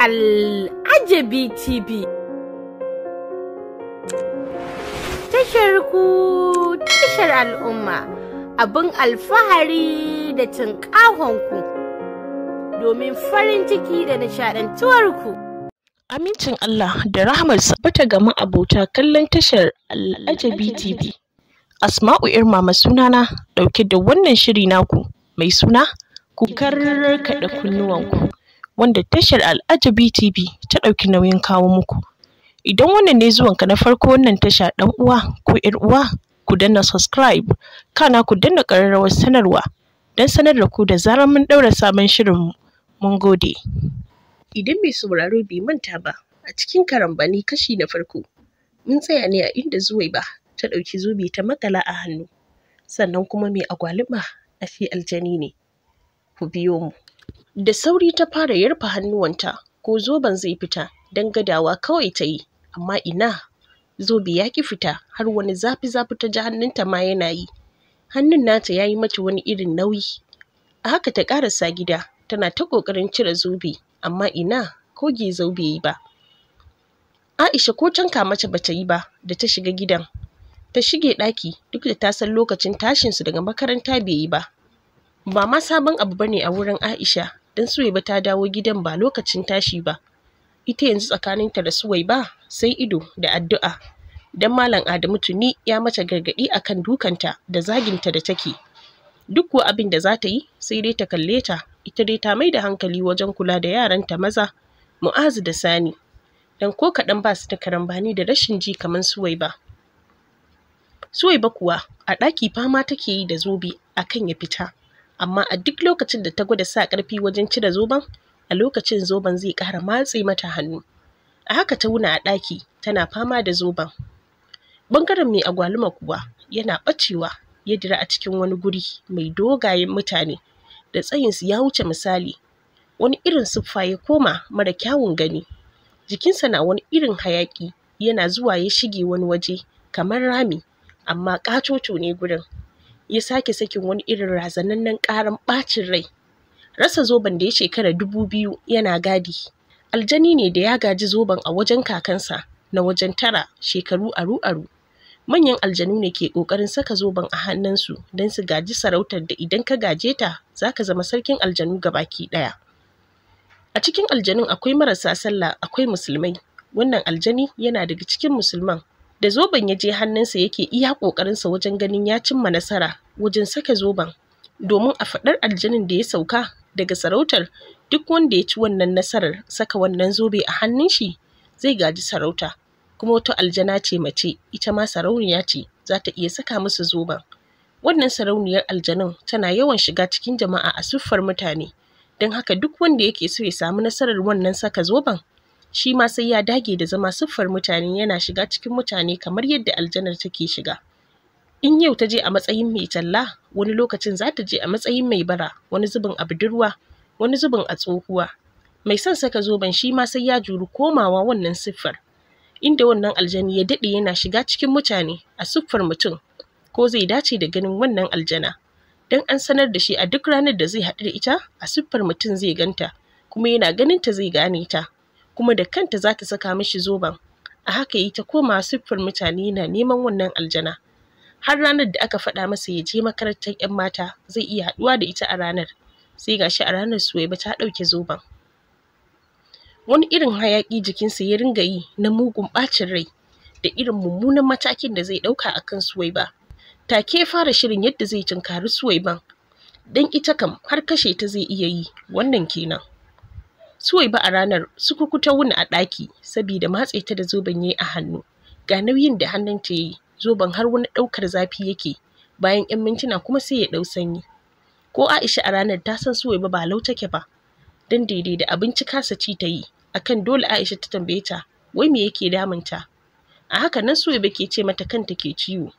Al'ajabi TV. Tashar ku tashar al'umma abin alfahari da ku domin farin ciki da nishaɗantuwar ku. Amincin Allah da sabata ga gama abota kallon tashar Al'ajabi TV. Asma'u Irmama sunana ɗauke da wannan shiri naku mai suna ku karkaɗa kunnuwanku. wanda tashar Al'ajabi TV ta ɗauki nauyin kawo muku. Idan wannan ne zuwanka na farko wannan tasha ɗan uwa ko ‘yar uwa ku danna subscribe kana ku danna ƙararrawar sanarwa don sanar da ku da zarar mun ɗaura sabon shirinmu. Mun gode. Idan mai sauraro bai manta ba a cikin karambani kashi na farko mun tsaya ne a inda zuwai ba ta ɗauki Zubi ta makala a hannu sannan kuma mai agwaluma a fi aljani ne. Ku biyo mu. Da sauri ta fara yarfa hannuwanta, ko zoben zai fita, don gadawa kawai ta yi, amma ina, zobe ya ƙi fita, har wani zafi-zafi ta ji hannunta ma yana yi. Hannun nata ya yi mata wani irin nauyi. A haka ta ƙarasa gida, tana ta ƙoƙarin cire zobe, amma ina, koge zobe yi ba. Aisha ko canka mace bata yi ba da ta shiga gidan. Ta shige ɗaki duk da ta san lokacin tashinsu daga makaranta bai yi ba. Ba ma sabon abu bane a wurin Aisha don Suwaiba ta dawo gidan ba lokacin tashi ba. Ita yanzu tsakaninta da Suwaiba sai ido da addu'a. dan Malam Adamu tuni ya mata gargaɗi akan dukanta da zaginta da take. Duk kuwa abin da za ta yi sai dai ta kalle ta, ita dai ta mai da hankali wajen kula da yaranta maza, Mu'azu da Sani. Dan ko kaɗan ba su da karambani da rashin ji kamar Suwaiba. Suwaiba kuwa a ɗaki fama take yi da zobe akan ya fita. amma a duk lokacin da ta gwada sa ƙarfi wajen cire zoben a lokacin zoben zai ƙara matse mata hannu a haka ta wuna a ɗaki tana fama da zoben Bangaren mai agwaluma kuwa yana ɓacewa ya dira a cikin wani guri mai dogayen mutane da tsayinsu ya wuce misali wani irin siffa ya koma mara kyawun gani jikinsa na wani irin hayaƙi yana zuwa ya shige wani waje kamar rami amma ƙatoto ne gurin ya sake sakin wani irin razanannen karan bacin rai rasa zoben da ya shekara dubu biyu yana gadi aljani ne da ya gaji zoben a wajen kakansa na wajen tara shekaru aru-aru manyan aljanu ne ke ƙoƙarin saka zoben a hannunsu don su gaji sarautar da idan ka gaje ta za ka zama sarkin aljanu baki ɗaya a cikin aljanun akwai marasa sallah akwai musulmai wannan aljani yana daga cikin musulman da zoben ya je hannunsa yake iya ƙoƙarinsa wajen ganin ya cimma nasara wajen saka zoben domin a faɗar aljanin da ya sauka daga sarautar duk wanda ya ci wannan nasarar saka wannan zobe a hannun shi zai gaji sarauta kuma wata aljana ce mace ita ma sarauniya ce za ta iya saka musu zoben wannan sarauniyar aljanun tana yawan shiga cikin jama'a a siffar mutane don haka duk wanda yake so ya samu nasarar wannan saka zoben shi ma sai ya dage da zama siffar mutane yana shiga cikin mutane kamar yadda aljanar take shiga in yau ta je a matsayin mai talla wani lokacin za ta je a matsayin mai bara wani zubin a budurwa wani zubin a tsohuwa mai son saka zoben shi ma sai ya juru komawa wannan siffar inda wannan aljani ya daɗe yana shiga cikin mutane a siffar mutum ko zai dace da ganin wannan aljana don an sanar da shi a duk ranar da zai haɗu da ita a siffar mutum zai ganta kuma yana ganin ta zai gane ta kuma da kanta za ta saka mishi zoben a haka yi ta koma siffar mutane na neman wannan aljana har ranar da aka faɗa masa ya je makarantar 'yan mata zai iya haɗuwa da ita a ranar sai ga shi a ranar suwaiba ta ɗauke zoben wani irin hayaƙi jikinsa ya ringa yi na mugun ɓacin rai da irin mummunan matakin da zai ɗauka a kan suwaiba take ya fara shirin yadda zai tunkari suwaiban dan ita kam har kashe ta zai iya yi wannan kenan Suwaiba a ranar su kukuta wuni a ɗaki saboda matse ta da zoben yayi a hannu. Ga nauyin da hannun ta yi, zoben har wani ɗaukar zafi yake. Bayan 'yan mintuna kuma sai ya ɗau sanyi. Ko Aisha a ranar ta san Suwaiba ba lau take ba. Dan daidai da abinci kasa ci ta yi, akan dole Aisha ta tambaye ta, wai me yake damunta? A haka nan Suwaiba ke ce mata kanta ke ciwo.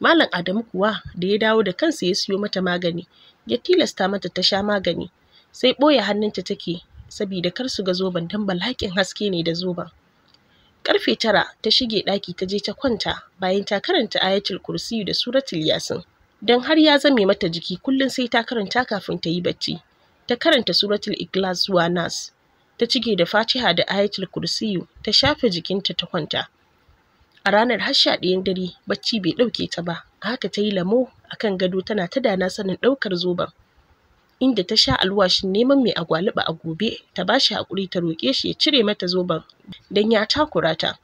Malam Adamu kuwa da ya dawo da kansa ya siyo mata magani, ya tilasta mata ta sha magani. sai ɓoye hannunta take sabida kar su ga zoben don balhaƙin haske ne da zoben karfe tara ta shige ɗaki ta je ta kwanta bayan ta karanta ayatul kursiyu da suratul yasin don har ya zame mata jiki kullum sai ta karanta kafin ta yi bacci ta karanta suratul ikhlas zuwa nas ta cige da fatiha da ayatul kursiyu ta shafe jikinta ta kwanta a ranar har sha ɗayan dare bacci bai ɗauke ta ba a haka ta yi a kan gado tana ta dana sanin ɗaukar zoben inda ta sha alwashin neman mai agwaluba a gobe ta bashi hakuri ta roƙe shi ya cire mata zoben don ya takura ta.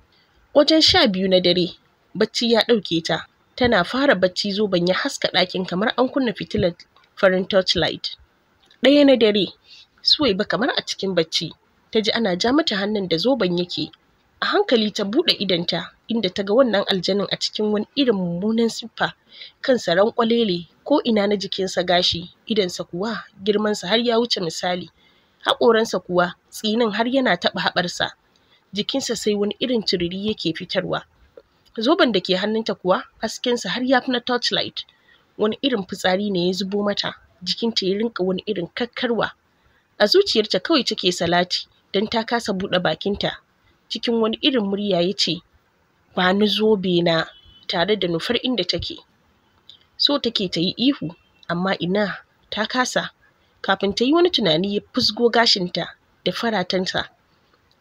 Wajen sha biyu na dare, bacci ya ɗauke ta, tana fara bacci zoben ya haska ɗakin kamar an kunna fitilar farin torchlight. Ɗaya na dare, Suwaiba kamar a cikin bacci, ta ji ana ja mata hannun da zoben yake a hankali ta buɗe idonta inda ta ga wannan aljanin a cikin wani irin mummunan siffa kansa ranƙwalele ko ina na jikinsa gashi idonsa kuwa girmansa har ya wuce misali haƙoransa kuwa tsinin har yana taɓa haɓarsa jikinsa sai wani irin tururi yake fitarwa zoben da ke hannunta kuwa haskensa har ya fi na torchlight wani irin fitsari ne ya zubo mata jikinta ya rinka wani irin kakkarwa a zuciyarta kawai take salati don ta kasa buɗe bakinta cikin wani irin murya ya ce ba ni zobe na tare da nufar inda take so take ta yi ihu amma ina ta kasa kafin ta yi wani tunani ya fusgo gashinta da faratanta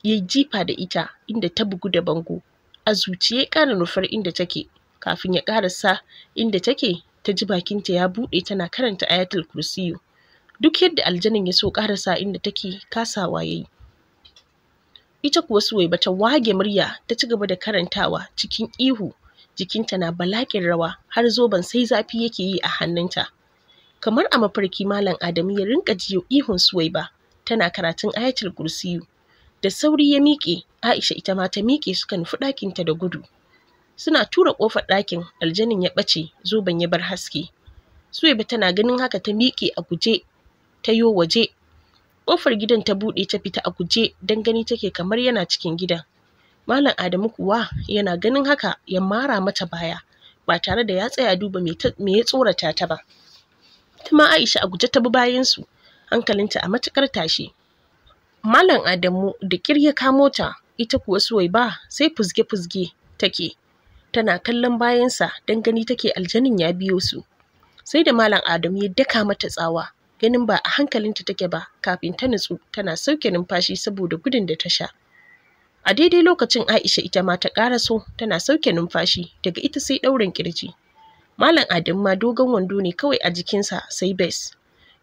ya jifa da ita inda ta bugu da bango a zuciya ya ƙara nufar inda take kafin ya ƙarasa inda take ta ji bakinta ya buɗe tana karanta ayatul kursiyu duk yadda aljanin ya so ƙarasa inda take kasawa ya yi ita kuwa Suwaiba ta wage murya ta ci gaba da karantawa cikin ihu jikinta na balaƙin rawa har zoben sai zafi yake yi a hannunta kamar a mafarki malam adamu ya rinka jiyo ihun Suwaiba tana karatun ayatul kursiyu da sauri ya miƙe Aisha ita ma ta miƙe suka nufi ɗakinta da gudu suna tura ƙofar ɗakin aljanin ya ɓace zoben ya bar haske Suwaiba tana ganin haka ta miƙe a guje ta yo waje Ƙofar gidan ta buɗe ta fita a guje don gani take kamar yana cikin gidan. Malam Adamu kuwa yana ganin haka ya mara mata baya ba tare da ya tsaya duba me ya tsorata ta ba. Ita Aisha a guje ta bi bayansu hankalinta a matuƙar tashi. Malam Adamu da ƙir ya kamo ta ita kuwa ba sai fuzge-fuzge take. Tana kallon bayansa don gani take aljanin ya biyo su. Sai da Malam Adamu ya daka mata tsawa ganin ba a hankalinta take ba kafin ta nutsu tana sauke numfashi saboda gudun da ta sha a daidai lokacin aisha ita ma ta so, tana sauke numfashi daga ita sai ɗaurin kirji malam adam ma dogon wando ne kawai a jikinsa sai bes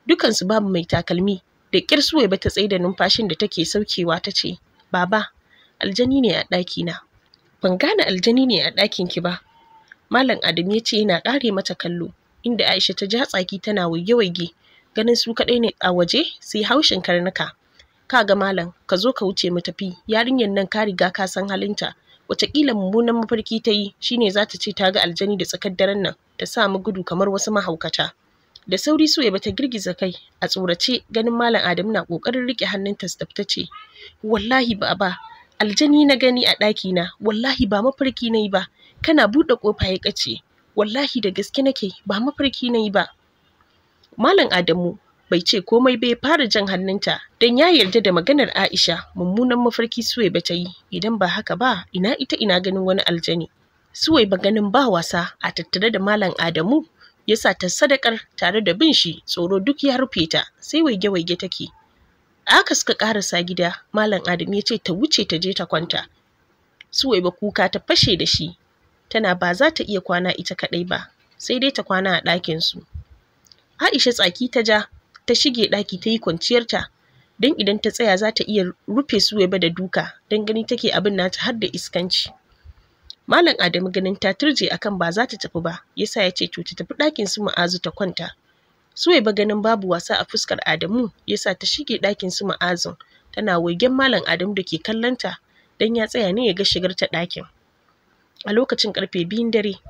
dukansu babu mai takalmi da ƙyar suwaiba ta da numfashin da take saukewa ta ce baba aljani ne a na ban gane aljani ne a ɗakin ki ba malam adam ya ce yana ƙare mata kallo inda aisha ta ja tsaki tana waige-waige ganin su kaɗai ne a waje sai haushin karnuka ka ga malam ka zo ka wuce mu tafi yarinyar nan ka riga ka san halinta wataƙila mummunan mafarki ta yi shine za ta ce ta ga aljani da tsakar daren nan ta sa mu gudu kamar wasu mahaukata da sauri ya bata girgiza kai a tsorace ganin malam adamu na ƙoƙarin riƙe hannunta su ta ce wallahi ba ba aljani na gani a ɗaki na wallahi ba mafarki na yi ba kana buɗe ƙofa ya ƙace wallahi da gaske nake ba mafarki na yi ba Malam Adamu bai ce komai bai fara jan hannunta don ya yarda da maganar Aisha mummunan mafarki Suwaiba ta yi idan ba haka ba ina ita ina ganin wani aljani. suwai ba ganin ba wasa a tattare da Malam Adamu ya sa ta sadakar tare da bin shi tsoro duk ya rufe ta sai waige-waige take. Aka suka karasa gida Malam Adamu ya ce ta wuce ta je ta kwanta. Suwaiba kuka ta fashe da shi tana ba za ta iya kwana ita kaɗai ba sai dai ta kwana a ɗakin su. Aisha tsaki ta ja ta shige ɗaki ta yi kwanciyarta don idan ta tsaya za ta iya rufe Suwaiba da duka don gani take abin nata har da iskanci. Malam Adamu ganin ta turje akan ba za ta tafi ba yasa ya ce to ta tafi ɗakin su ma'azu ta kwanta. Suwaiba ganin babu wasa a fuskar Adamu yasa ta shige ɗakin su ma'azun tana waigen Malam Adamu da ke kallonta don ya tsaya ne ya ga shigar ta ɗakin. A lokacin ƙarfe biyun dare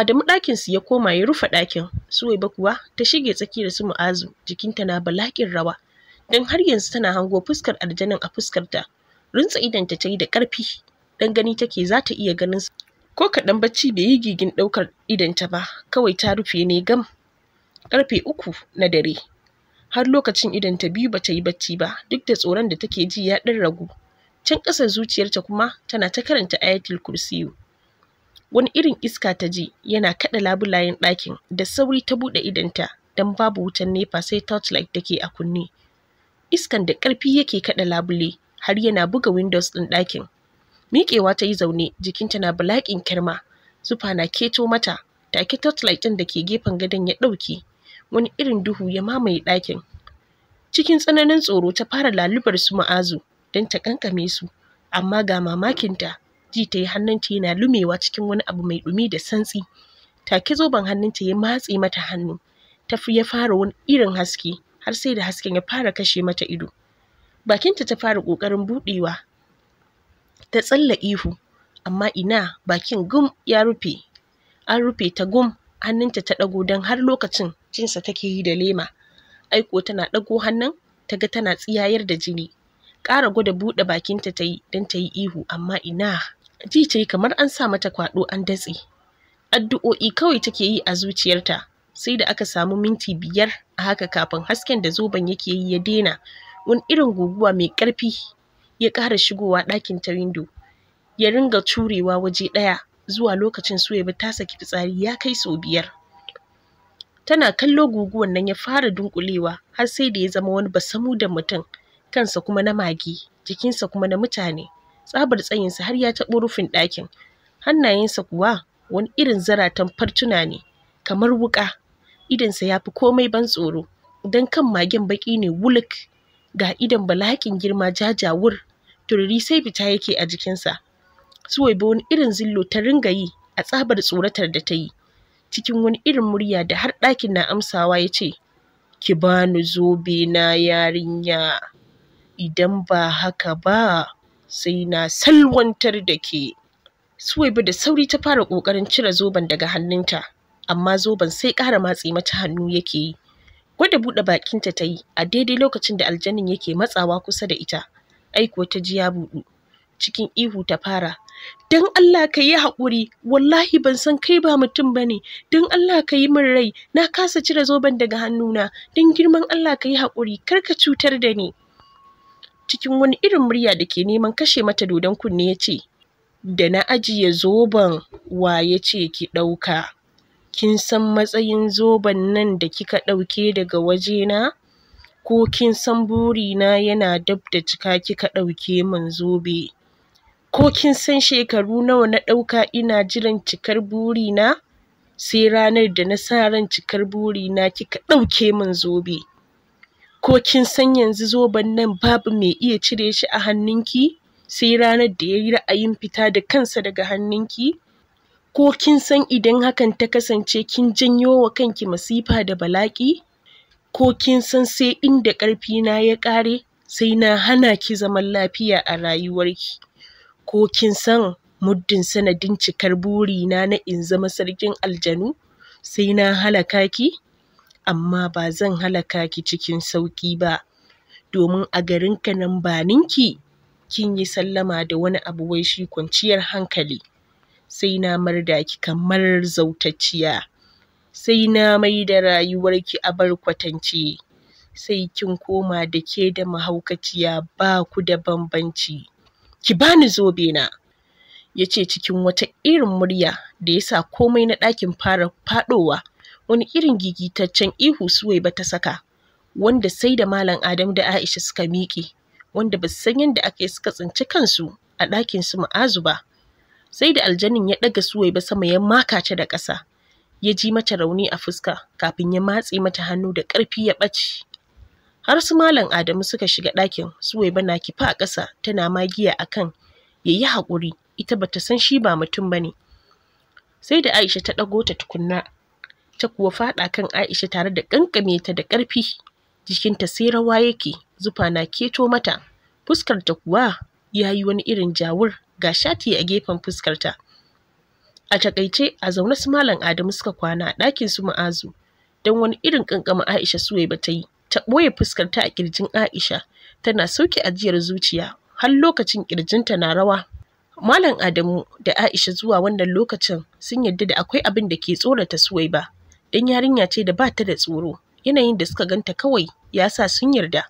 Adamu ɗakin su ya koma ya rufe ɗakin, Suwaiba kuwa ta shige tsakiyar su Mu'azu, jikinta na balakin rawa, don har yanzu tana hango fuskar aljanin a fuskarta. Rintsa idonta ta yi da ƙarfi, dan gani take za ta iya ganin ko kaɗan bacci bai yi gigin ɗaukar idanta ba, kawai ta rufe ne gam. Ƙarfe uku na dare, har lokacin ta biyu bata yi bacci ba, duk da tsoron da take ji ya ɗan ragu. Can ƙasar zuciyarta kuma tana ta karanta ayatul kursiyu. wani irin iska ta ji yana kaɗa labulayen ɗakin da sauri ta buɗe idanta don babu wutan nefa sai torchlight da ke a kunne iskan da ƙarfi yake kaɗa labule har yana buga windows ɗin ɗakin miƙewa ta yi zaune jikinta na bala'in kirma zufa na keto mata take torchlight ɗin da ke gefen gadon ya ɗauki, wani irin duhu ya mamaye ɗakin cikin tsananin tsoro ta fara lalubar su ma'azu don ta kankame su amma ga mamakinta ji ta yi hannunta yana lumewa cikin wani abu mai dumi da santsi take zoben hannunta ya matse mata hannu ta ya fara wani irin haske har sai da hasken ya fara kashe mata ido bakinta ta fara kokarin buɗewa ta tsalla ihu amma ina bakin gum ya rufe an rufe ta gum hannunta ta ɗago don har lokacin jinsa take yi da lema aiko tana ɗago hannun ta ga tana tsiyayar da jini ƙara gwada buɗe bakinta ta yi don ta yi ihu amma ina ji ta yi kamar an sa mata kwaɗo an datse addu'o'i kawai take yi a zuciyarta sai da aka samu minti biyar a haka kafin hasken da zoben yake yi ya daina wani irin guguwa mai ƙarfi ya ƙara shigowa ɗakin ta windo ya ringa curewa waje ɗaya zuwa lokacin su bi ta saki fitsari ya kai sau biyar tana kallo guguwan nan ya fara dunƙulewa, har sai da ya zama wani basamu da mutum kansa kuma na mage jikinsa kuma na mutane tsabar tsayinsa har ya taɓo rufin ɗakin hannayensa kuwa wani irin zaratan fartuna ne kamar wuƙa idansa ya fi komai ban tsoro don kan magen baƙi ne wuluk ga idan balakin girma jajawur tururi sai fita yake a jikinsa suwai bi wani irin zillo ta ringa yi a tsabar tsoratar da ta yi cikin wani irin murya da har ɗakin na amsawa ya ce ki bani zobe na yarinya idan ba haka ba sai na salwantar da ke suwaibu da sauri ta fara ƙoƙarin cire zoben daga hannunta amma zoben sai ƙara matsi mata hannu yake yi gwada buɗe bakinta ta yi a daidai lokacin da aljanin yake matsawa kusa da ita aiko ta ji ya buɗu cikin ihu ta fara don Allah ka yi haƙuri wallahi ban san kai ba mutum ba ne don Allah ka yi min rai na kasa cire zoben daga hannuna don girman Allah ka yi haƙuri kar ka cutar da ni cikin wani irin murya da ke neman kashe mata dodon kunne ya ce da na ajiye zoben wa ya ce ki ɗauka kin san matsayin zoben nan da kika ɗauke daga wajena ko kin san burina yana dab da cika kika ɗauke min zobe ko kin san shekaru nawa na ɗauka ina jiran cikar burina sai ranar da na sa ran cikar burina kika ɗauke min zobe ko kin san yanzu zoben nan babu mai iya cire shi a hannunki sai ranar da ya yi ra'ayin fita da kansa daga hannunki ko kin san idan hakan ta kasance kin janyo wa kanki masifa da balaƙi ko kin san sai inda na ya ƙare sai na hana ki zaman lafiya a rayuwarki ko kin san muddin sanadin cikar burina na in zama sarkin aljanu sai na halaka ki amma ba zan halaka ki cikin sauƙi ba domin a garinka nan ba ninki kin yi sallama da wani abu wai shi kwanciyar hankali sai na marda ki kamar zautacciya sai na mai da rayuwarki a barkwatance. sai kin koma da ke da mahaukaciya ba ku da bambanci ki bani zobe na yace cikin wata irin murya da ya sa komai na ɗakin fara faɗowa wani irin gigitaccen ihu Suwaiba ta saka wanda sai da Malam Adam da Aisha suka miƙe wanda ba san yadda ake suka tsinci kansu a ɗakin su ma'azu ba sai da aljanin ya ɗaga suwai ba sama ya maka ta da ƙasa ya ji mata rauni a fuska kafin ya matse mata hannu da ƙarfi ya ɓace har su Malam Adamu suka shiga ɗakin suwai ba na kifa a ƙasa tana magiya kan ya yi haƙuri ita bata san shi ba mutum ba ne. sai da Aisha ta ɗago ta tukunna ta kuwa faɗa kan Aisha tare da ƙanƙame ta da ƙarfi jikinta sai rawa yake zufa na keto mata fuskarta kuwa ya yi wani irin jawur ga shati a gefen fuskarta a takaice a zaune su malam Adamu suka kwana a ɗakin su ma'azu don wani irin ƙanƙama Aisha suwai ba ta yi ta ɓoye fuskarta a ƙirjin Aisha tana sauke ajiyar zuciya har lokacin ƙirjinta na rawa Malam Adamu da Aisha zuwa wannan lokacin sun yarda da akwai abin da ke tsorata suwai ba dan yarinya ce da ba ta da tsoro yanayin da suka ganta kawai ya sa sun yarda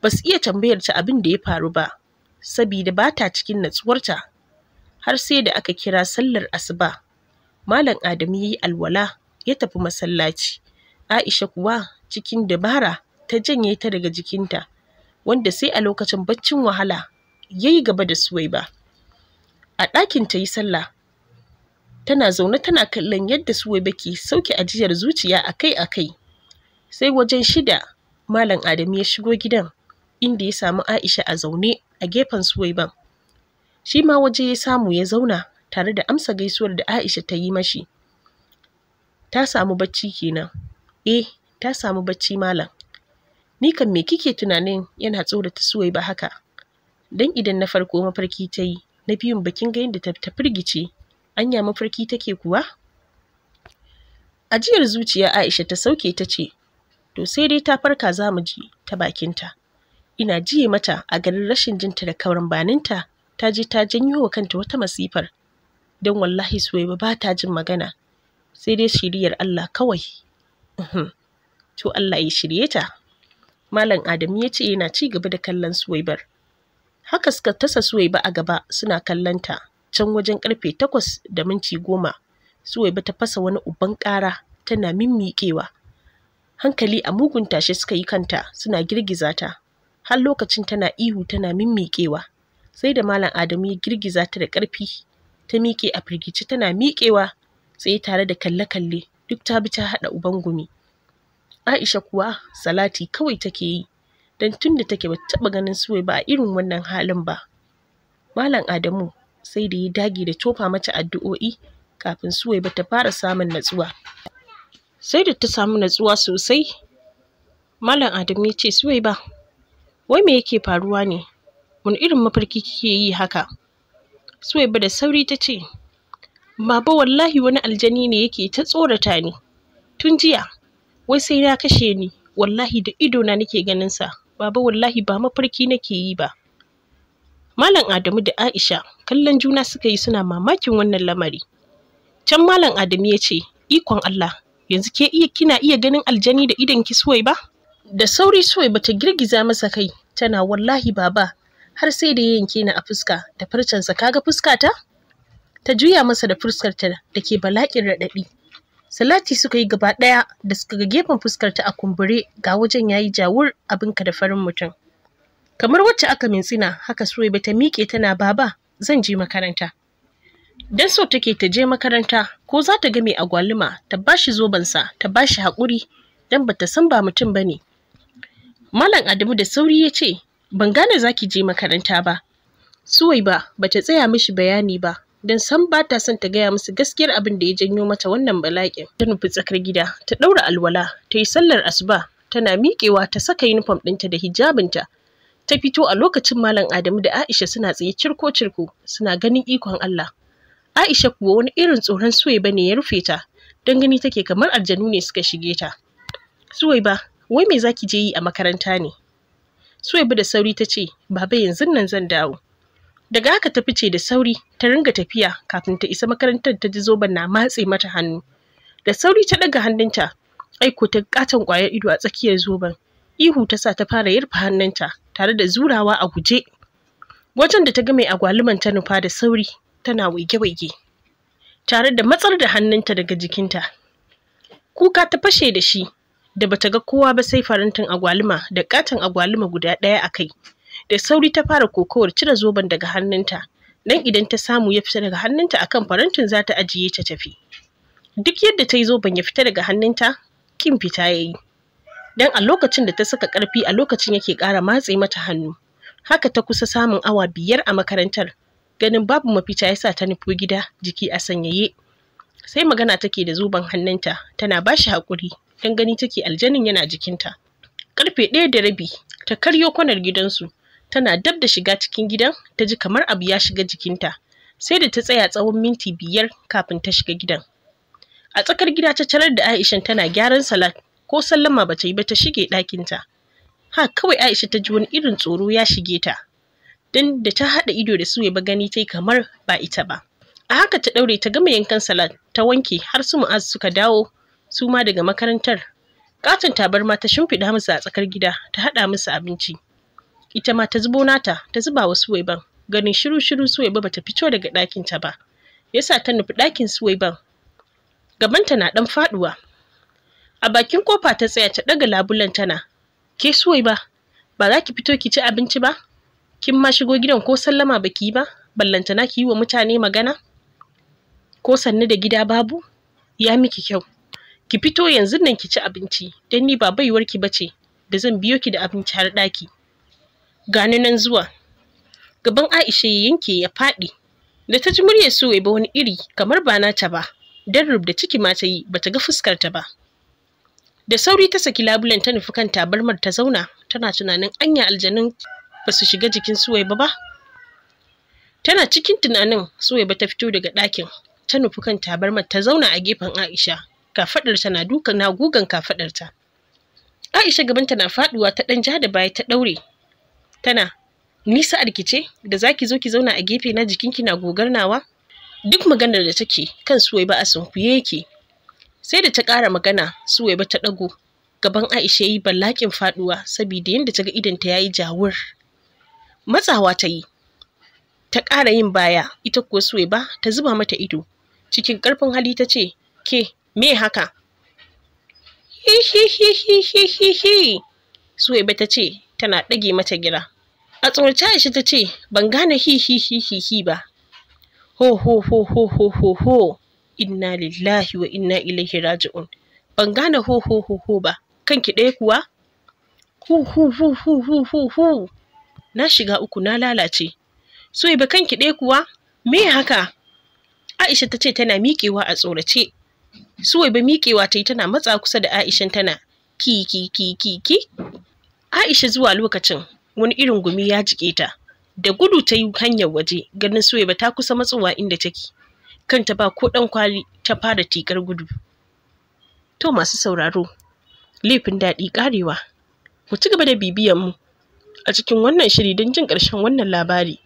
ba su iya tambayar ta abin da ya faru ba sabida ba ta cikin natsuwarta har sai da aka kira sallar asuba malam adamu ya yi alwala ya tafi masallaci aisha kuwa cikin dabara ta janye ta daga jikinta wanda sai a lokacin baccin wahala ya yi gaba da ba a ɗakin ta yi sallah tana zaune tana kallon yadda Suwaiba ke sauke ajiyar zuciya akai-akai. Sai wajen shida, Malam Adamu ya shigo gidan, inda ya samu Aisha a zaune a gefen Suwaiban. Shi ma waje ya samu ya zauna tare da amsa gaisuwar da Aisha ta yi mashi. Ta samu bacci kenan. Eh, ta samu bacci malam. Ni kan me kike tunanin yana tsorata Suwaiba haka? Dan idan na farko mafarki ta yi, na biyun bakin ga yadda ta firgice, anya mafarki take kuwa ajiyar zuciya aisha ta sauke ta ce to sai dai ta farka za mu ji ta bakinta ina jiye mata a garin rashin jinta da kaurin baninta ta je ta janyo wa kanta wata masifar don wallahi suwaiba ba ta jin magana sai dai shiriyar Allah kawai uhm, to Allah ya shirye ta Malam Adamu ya ce yana ci gaba da kallon Suwaibar. Haka suka tasa Suwaiba a gaba suna kallon ta. can wajen karfe takwas da minti goma Suwaiba ta fasa wani uban ƙara tana mimmiƙewa. Hankali a mugun tashe suka yi kanta suna girgiza ta. Har lokacin tana ihu tana mimmiƙewa. Sai da Malam Adamu ya girgiza ta da karfi Ta miƙe a firgice tana miƙewa tsaye tare da kalle-kalle duk ta bi ta haɗa uban gumi. Aisha kuwa salati kawai take yi don tun da take bata taɓa ganin suwai ba a irin wannan halin ba. Malam Adamu sai da ya dage da tofa mata addu'o'i kafin Suwaiba ta fara samun natsuwa. Sai da ta samu natsuwa sosai, Malam Adam ya ce Suwaiba, wai me yake faruwa ne? Wani irin mafarki kike yi haka? Suwaiba da sauri ta ce, Baba wallahi wani aljani ne yake ta tsorata ni. Tun jiya, wai sai na kashe ni, wallahi da idona nake ganin sa baba wallahi ba mafarki nake yi ba. Malam Adamu da Aisha kallon juna suka yi suna mamakin wannan lamari. Can Malam Adamu ya ce, "Ikon Allah, yanzu ke iya kina iya ganin aljani da idan ki suwai ba?" Da sauri suwai bata girgiza masa kai, tana wallahi baba, har sai da ya yanke ni a fuska da farcensa kaga fuska Ta Ta juya masa da fuskarta da ke balakin raɗaɗi. Salati suka yi gaba ɗaya da suka ga gefen fuskarta a kumbure ga wajen yayi jawur abinka da farin mutum. kamar wacce aka mintsina haka Suwaiba ta miƙe tana baba zan je makaranta dan so take ta je makaranta ko za ta ga mai agwaluma ta bashi zobansa ta bashi haƙuri dan bata san ba mutum bane Malam Adamu da sauri ya ce ban gane zaki je makaranta ba ba bata tsaya mishi bayani ba don san ba ta son ta gaya musu gaskiyar abin da ya janyo mata wannan balaƙin. Ta nufi tsakar gida, ta ɗaura alwala, ta yi sallar asuba, tana miƙewa ta saka yunifom ɗinta da hijabinta, ta fito a lokacin Malam Adamu da Aisha suna tsaye cirko-cirko suna ganin ikon Allah. Aisha kuwa wani irin tsoron ba ne ya rufe ta, don gani take kamar aljanu ne suka shige ta. Suwaiba, wai me zaki je yi a makaranta ne? Suwaiba da sauri ta ce, Baba yanzu nan zan dawo. Daga haka ta fice da sauri ta ringa tafiya kafin ta isa makarantar ta ji zoben na matse mata hannu. Da sauri ta ɗaga hannunta, aiko ta katon ƙwayar ido a tsakiyar zoben. ihu ta sa ta fara yarfa hannunta tare da zurawa a guje wajen da ta ga mai agwaluman ta nufa da sauri tana waige-waige tare da matsar da hannunta daga jikinta kuka ta fashe da shi da bata ga kowa ba sai farantin agwaluma da katon agwaluma guda ɗaya a kai da sauri ta fara kokawar cire zoben daga hannunta dan idan ta samu ya fita daga hannunta akan farantin za ta ajiye ta tafi duk yadda ta yi zoben ya fita daga hannunta kin fita ya yi don a lokacin da ta saka ƙarfi a lokacin yake ƙara matse mata hannu haka ta kusa samun awa biyar a makarantar ganin babu mafita ya sa ta nufo gida jiki a sanyaye sai magana take da zuban hannunta tana ba shi haƙuri don gani take aljanin yana jikinta karfe ɗaya da rabi ta karyo kwanar gidansu tana dab da shiga cikin gidan ta ji kamar abu ya shiga jikinta sai da ta tsaya tsawon minti biyar kafin ta shiga gidan a tsakar gida ta tarar da Aisha tana gyaran salat ko sallama ba ta yi ba ta shige ɗakinta ha kawai aisha ta ji wani irin tsoro ya shige ta dan da ta haɗa ido da su ba gani ta kamar ba ita ba a haka ta ɗaure ta gama yankan Salat ta wanke har su mu'az suka dawo su ma daga makarantar katon tabarma ta shimfiɗa musu a tsakar gida ta haɗa musu abinci ita ma ta zubo nata ta zuba wa suwaiban ganin shiru shiru suwaiba bata fito daga ɗakinta ba yasa ta nufi ɗakin suwaiban gabanta na ɗan faɗuwa a bakin kofa ta tsaya ta ɗaga labulan tana ke suwai ba ba za ki fito ki ci abinci ba kin ma shigo gidan ko sallama baki yi ba ballantana ki yi wa mutane magana ko sannu da gida babu ya miki kyau ki fito yanzu nan ki ci abinci don ni ba baiwar ki bace da zan biyo ki da abinci har ɗaki gani nan zuwa gaban aisha ya yanke ya faɗi da ta ji muryar suwai ba wani iri kamar ba nata ba don rubda ciki ma ta yi bata ga fuskarta ba da sauri ta saki labulen ta nufi kan tabarmar ta zauna tana tunanin anya aljanun ba su shiga jikin suwaiba ba tana cikin tunanin suwai ba ta fito daga ɗakin ta nufi kan tabarmar ta zauna a gefen aisha kafaɗarta na dukan na gugan kafaɗarta aisha gabanta na faɗuwa ta ɗan ja da baya ta ɗaure tana nisa a rikice da zaki zo ki zauna a gefe na jikinki na gogar nawa duk maganar da take kan suwaiba a sunkuye yake sai da ta ƙara magana suwaiba ta ɗago gaban aisha yi ballakin faɗuwa saboda yadda ta ga idanta ya yi jawur matsawa ta yi ta ƙara yin baya ita kuwa suwaiba ta zuba mata ido cikin ƙarfin hali ta ce ke me haka hihihihihihihi suwaiba ta ce tana ɗage mata gira a tsorace aisha ta ce ban gane hihihihihi ba ho ho ho ho ho ho ho inna lillahi wa inna ilaihi raji'un ban gane ho ho ho ho ba kanki ɗaya kuwa hu hu hu hu hu hu hu na shiga uku na lalace so ba kanki ɗaya kuwa me haka aisha ta ce tana miƙewa a tsorace suwai ba miƙewa ta yi tana matsa kusa da aishan tana ki ki ki ki ki aisha zuwa lokacin wani irin gumi ya jike ta da gudu ta yi hanyar waje ganin suwai ba ta kusa matsowa inda take kanta ba ko ɗan kwali ta fara tikar gudu to masu sauraro laifin daɗi ƙarewa mu ci gaba da bibiyan mu a cikin wannan shiri don jin ƙarshen wannan labari